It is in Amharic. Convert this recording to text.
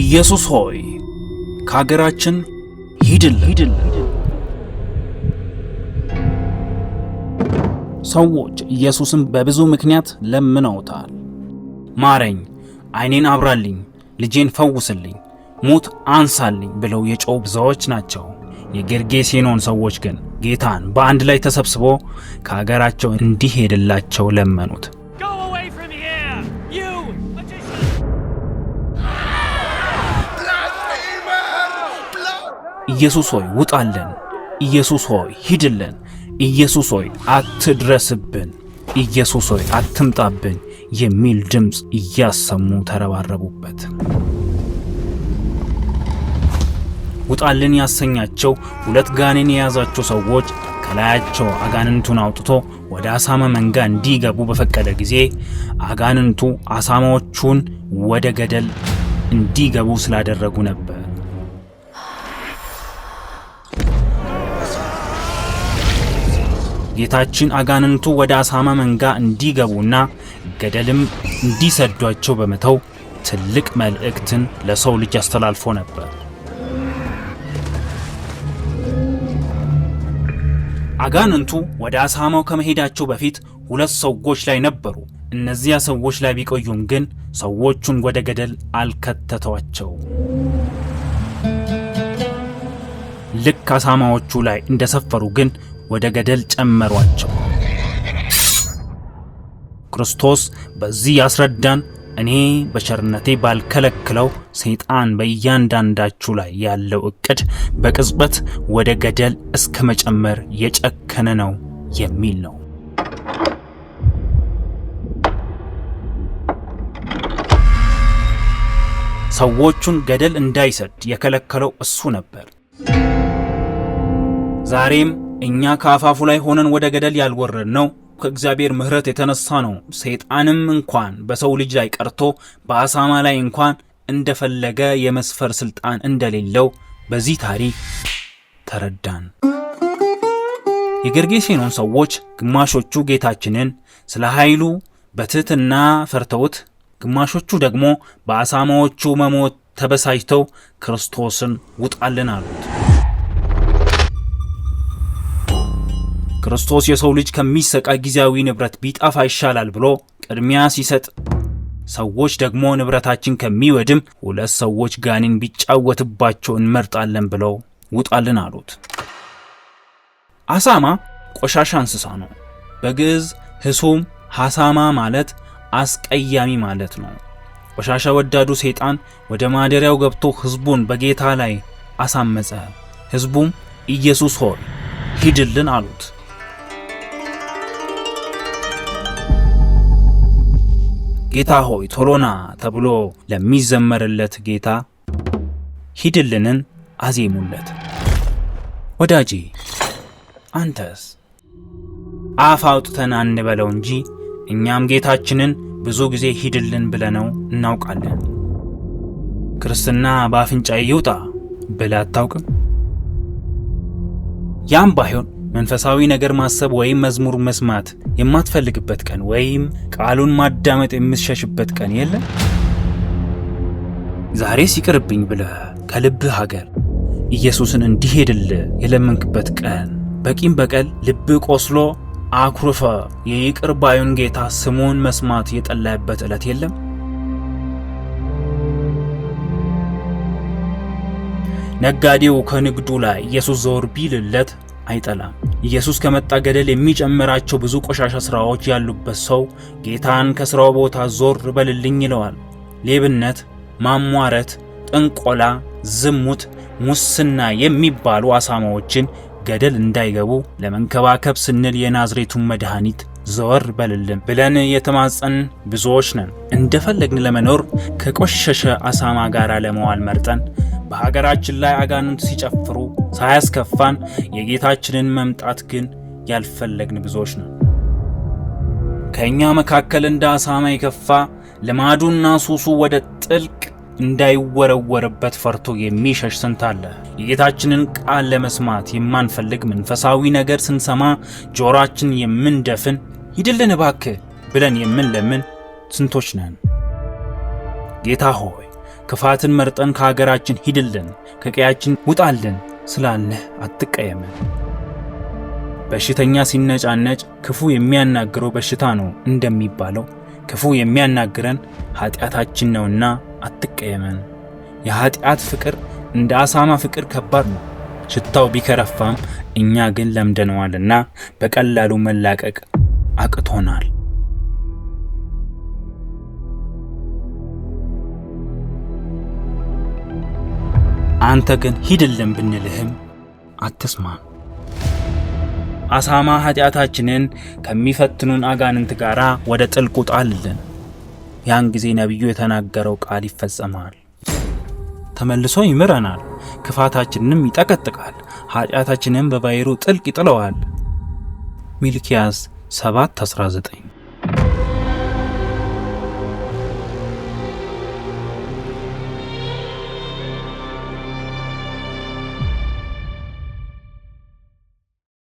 ኢየሱስ ሆይ ከአገራችን ሂድልን። ሰዎች ኢየሱስን በብዙ ምክንያት ለምነውታል። ማረኝ፣ ዓይኔን አብራልኝ፣ ልጄን ፈውስልኝ፣ ሞት አንሳልኝ ብለው የጮው ብዙዎች ናቸው። የጌርጌሴኖን ሰዎች ግን ጌታን በአንድ ላይ ተሰብስቦ ከአገራቸው እንዲሄድላቸው ለመኑት። ኢየሱስ ሆይ ውጣልን፣ ኢየሱስ ሆይ ሂድልን፣ ኢየሱስ ሆይ አትድረስብን፣ ኢየሱስ ሆይ አትምጣብን የሚል ድምፅ እያሰሙ ተረባረቡበት። ውጣልን ያሰኛቸው ሁለት ጋኔን የያዛቸው ሰዎች ከላያቸው አጋንንቱን አውጥቶ ወደ አሳማ መንጋ እንዲገቡ በፈቀደ ጊዜ አጋንንቱ አሳማዎቹን ወደ ገደል እንዲገቡ ስላደረጉ ነበር። ጌታችን አጋንንቱ ወደ አሳማ መንጋ እንዲገቡና ገደልም እንዲሰዷቸው በመተው ትልቅ መልእክትን ለሰው ልጅ አስተላልፎ ነበር። አጋንንቱ ወደ አሳማው ከመሄዳቸው በፊት ሁለት ሰዎች ላይ ነበሩ። እነዚያ ሰዎች ላይ ቢቆዩም ግን ሰዎቹን ወደ ገደል አልከተቷቸው። ልክ አሳማዎቹ ላይ እንደሰፈሩ ግን ወደ ገደል ጨመሯቸው። ክርስቶስ በዚህ ያስረዳን፣ እኔ በቸርነቴ ባልከለክለው ሰይጣን በእያንዳንዳችሁ ላይ ያለው እቅድ በቅጽበት ወደ ገደል እስከ መጨመር የጨከነ ነው የሚል ነው። ሰዎቹን ገደል እንዳይሰድ የከለከለው እሱ ነበር። ዛሬም እኛ ከአፋፉ ላይ ሆነን ወደ ገደል ያልወረድ ነው ከእግዚአብሔር ምሕረት የተነሳ ነው። ሰይጣንም እንኳን በሰው ልጅ ላይ ቀርቶ በአሳማ ላይ እንኳን እንደፈለገ የመስፈር ስልጣን እንደሌለው በዚህ ታሪክ ተረዳን። የጌርጌሴኖን ሰዎች ግማሾቹ ጌታችንን ስለ ኃይሉ በትሕትና ፈርተውት፣ ግማሾቹ ደግሞ በአሳማዎቹ መሞት ተበሳጭተው ክርስቶስን ውጣልን አሉት። ክርስቶስ የሰው ልጅ ከሚሰቃይ ጊዜያዊ ንብረት ቢጠፋ ይሻላል ብሎ ቅድሚያ ሲሰጥ፣ ሰዎች ደግሞ ንብረታችን ከሚወድም ሁለት ሰዎች ጋኔን ቢጫወትባቸው እንመርጣለን ብለው ውጣልን አሉት። አሳማ ቆሻሻ እንስሳ ነው። በግዕዝ ህሱም ሐሳማ ማለት አስቀያሚ ማለት ነው። ቆሻሻ ወዳዱ ሰይጣን ወደ ማደሪያው ገብቶ ህዝቡን በጌታ ላይ አሳመፀ። ህዝቡም ኢየሱስ ሆይ ሂድልን አሉት። ጌታ ሆይ ቶሎና ተብሎ ለሚዘመርለት ጌታ ሂድልንን አዜሙለት። ወዳጄ አንተስ አፍ አውጥተን አንበለው እንጂ እኛም ጌታችንን ብዙ ጊዜ ሂድልን ብለነው እናውቃለን። ክርስትና በአፍንጫ ይውጣ ብለህ አታውቅም? ያም ባይሆን መንፈሳዊ ነገር ማሰብ ወይም መዝሙር መስማት የማትፈልግበት ቀን ወይም ቃሉን ማዳመጥ የምትሸሽበት ቀን የለም። ዛሬ ሲቅርብኝ ብለህ ከልብህ ሀገር ኢየሱስን እንዲሄድልህ የለመንክበት ቀን በቂም በቀል ልብ ቆስሎ አኩርፈ የይቅር ባዩን ጌታ ስሙን መስማት የጠላበት ዕለት የለም። ነጋዴው ከንግዱ ላይ ኢየሱስ ዘወር ቢልለት አይጠላም። ኢየሱስ ከመጣ ገደል የሚጨምራቸው ብዙ ቆሻሻ ሥራዎች ያሉበት ሰው ጌታን ከሥራው ቦታ ዞር በልልኝ ይለዋል። ሌብነት፣ ማሟረት፣ ጥንቆላ፣ ዝሙት፣ ሙስና የሚባሉ አሳማዎችን ገደል እንዳይገቡ ለመንከባከብ ስንል የናዝሬቱን መድኃኒት ዘወር በልልን ብለን የተማጸን ብዙዎች ነን። እንደፈለግን ለመኖር ከቆሸሸ አሳማ ጋር ለመዋል መርጠን በሀገራችን ላይ አጋንንት ሲጨፍሩ ሳያስከፋን የጌታችንን መምጣት ግን ያልፈለግን ብዙዎች ነው። ከእኛ መካከል እንደ አሳማ የከፋ ልማዱና ሱሱ ወደ ጥልቅ እንዳይወረወርበት ፈርቶ የሚሸሽ ስንት አለ። የጌታችንን ቃል ለመስማት የማንፈልግ መንፈሳዊ ነገር ስንሰማ ጆሮአችን የምንደፍን ሂድልን እባክህ ብለን የምንለምን ስንቶች ነን። ጌታ ሆይ ክፋትን መርጠን ከሀገራችን ሂድልን፣ ከቀያችን ውጣልን ስላለህ አትቀየምን። በሽተኛ ሲነጫነጭ ክፉ የሚያናግረው በሽታ ነው እንደሚባለው ክፉ የሚያናግረን ኃጢአታችን ነውና አትቀየመን። የኃጢአት ፍቅር እንደ አሳማ ፍቅር ከባድ ነው። ሽታው ቢከረፋም እኛ ግን ለምደነዋልና በቀላሉ መላቀቅ አቅቶናል። አንተ ግን ሂድልን ብንልህም አትስማም። አሳማ ኃጢአታችንን ከሚፈትኑን አጋንንት ጋር ወደ ጥልቁ ጣልልን። ያን ጊዜ ነቢዩ የተናገረው ቃል ይፈጸማል። ተመልሶ ይምረናል፣ ክፋታችንንም ይጠቀጥቃል፣ ኃጢአታችንን በባይሩ ጥልቅ ይጥለዋል። ሚልኪያስ 7 19